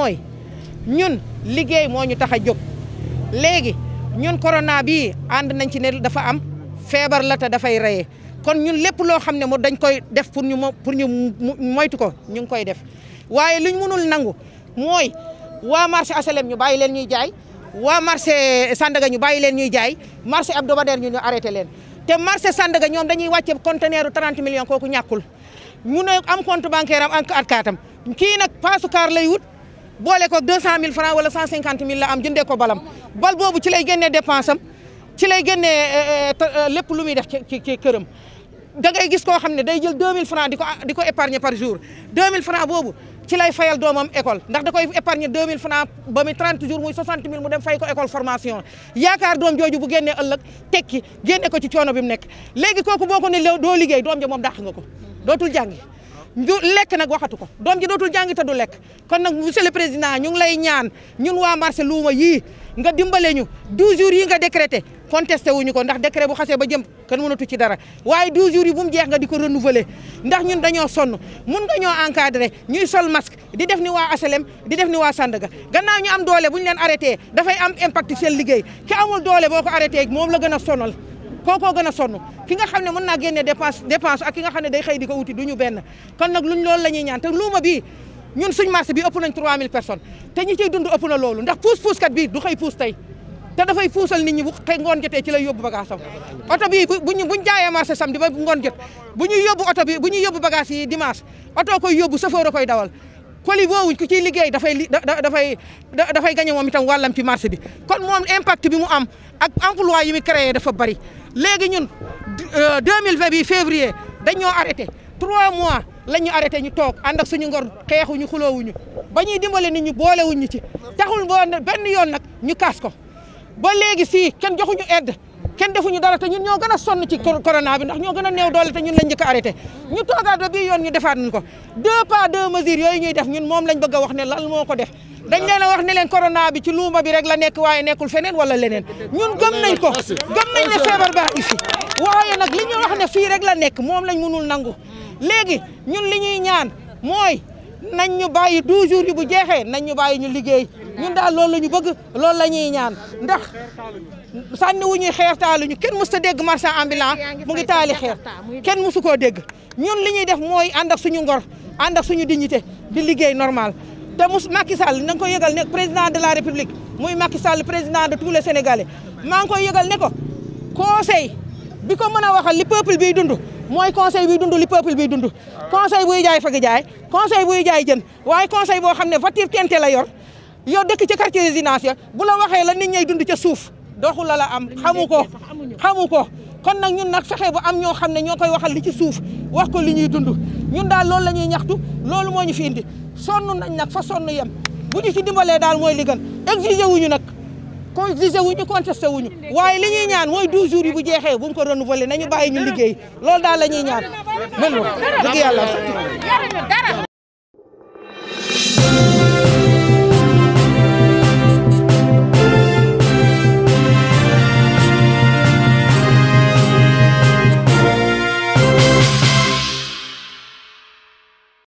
mooy ñun liggéey moo ñu tax a jóg léegi ñun corona bi ànd nañ ci ne dafa am feebar la te dafay reye kon ñun lépp loo xam ne mu dañ koy def pour ñu pour ñu moytu ko ñu ngi koy def waaye luñ mënul nangu mooy waa marché HLM ñu bàyyi leen ñuy jaay waa marché Sandaga ñu bàyyi leen ñuy jaay marché hebdomadaire ñu ñu arrêté leen te marché Sandaga ñoom dañuy wàcce conteneur u million millions kooku ñàkkul mu ne am compte bancaire am ak at kaatam kii nag kaar lay wut boole ko 200000 francs wala 150000 la am jëndee ko balam bal boobu ci lay génnee dépense am ci lay génnee euh, euh, euh, lépp lu muy def ci ci këram da ngay gis koo xam ne day jël 2000 francs di ko di ko épargner par jour 2000 francs boobu ci lay fayal doomam école ndax da koy épargner 2000 francs ba muy 30 jours muy 60 000 mu dem fay ko école formation yaakaar doom jooju bu génnee ëllëg tekki génne ko ci coono bi mu nekk léegi kooku boo ko ne doo liggéey doom ja moom dàq nga ko dootul jàngi du lekk nag waxatu ko doom ji dootul jàng du lekk kon nag monsieur le président ñu ngi lay ñaan ñun waa marché luuma yii nga dimbale ñu 12 jours yi nga décrété contesté wuñu ko ndax décret bu xasee ba jëm kan mënatu ci dara waaye 12 jours yi bu mu jeex nga di ko renouveler ndax ñun dañoo sonn mun nga ñoo encadré ñuy sol masque di def ni waa HLM di def ni waa Sandaga gannaaw ñu am doole bu ñu leen arrêté dafay am impact seen liggéey ki amul doole boo ko arrêté moom la gën a sonal kookoo gën a ki nga xam ne mën naa génnee dépense dépense ak ki nga xam ne day xëy di ko wuti du ñu benn kon nag luñ loolu la ñuy ñaan te luuma bii ñun suñ marché bi ëpp nañ 3000 personnes te ñi ciy dund ëpp na loolu ndax puus puuskat bii du xëy puus tey te dafay puusal nit bu xëy ngoon ci lay yóbbu bagage am oto bii buñu buñ jaayee marché samedi ngoon jot bu ñuy yóbbu oto bi bu ñu yóbbu bagage yi dimanche oto koy yóbbu chauffeur a koy dawal coli woowuñ ki ciy liggéey dafay dafay dafay gagné moom itam wàllam ci marché bi kon moom impact bi mu am ak emploi yi mu dafa bari léegi ñun euh, deux mille vingt bi février dañoo arrêté trois mois la ñu arrêté ñu toog ànd suñu ngor xeexuñu xuloowuñu ba ñuy dimbale nit ñi boolewuñu ci taxul boo benn yoon nag ñu kaas ko ba léegi sii kenn joxuñu aide kenn defuñu dara te ñun ñoo gën a sonn ci corona bi ndax ñoo gën a néew doole te ñun lañ njëkk a arrêté ñu toogaat ba bii yoon ñu defaat nañ ko deux pas deux mesures yooyu ñuy def ñun moom lañ bëgg a wax ne lan moo ko def dañ leen a wax ne leen corona bi ci luuma bi rek la nekk waaye nekkul feneen wala leneen ñun gëm nañ ko gëm nañ ne feebar baa ngi waaye nag li ñu wax ne fii rek la nekk moom lañ mënul nangu léegi ñun li ñuy ñaan mooy nañ ñu bàyyi 12 jours yi bu jeexee nañ ñu bàyyi ñu liggéey ñun daal loolu la ñu bëgg loolu la ñuy ñaan ndax sànni wu ñuy xeer ñu kenn mës ta dégg marchand ambulant mu ngi taali xeer kenn mësu koo dégg ñun li ñuy def mooy ànd ak suñu ngor ànd suñu dignité di liggéey normal te mus Macky Sall na nga koy yëgal ne président de la république muy Macky Sall président de tous le sénégalais maa ngi koy yëgal ne ko conseil bi ko mën a waxal li peuple biy dund mooy conseil buy dund li peuple biy dund conseil buy jaay fagi jaay conseil buy jaay jën waaye conseil boo xam ne voiture kente la yor yow dëkk ci quartier résidence ya bu la waxee la nit ñay dund ca suuf doxu la la am xamu ko xamu ko kon nag ñun nag fexe bu am ñoo xam ne ñoo koy waxal li ci suuf wax ko li ñuy dund ñun daal loolu la ñuy ñaxtu loolu moo ñu fi indi sonn nañ nag fa sonn yem bu ñu ci dimbalee daal mooy li gën exiger ñu nag ko exiger wuñu contesté wuñu waaye li ñuy ñaan mooy du jours yi bu jeexee bu ñu ko renouveler nañu bàyyi ñu liggéey loolu daal la ñuy ñaan mën na dëgg yàlla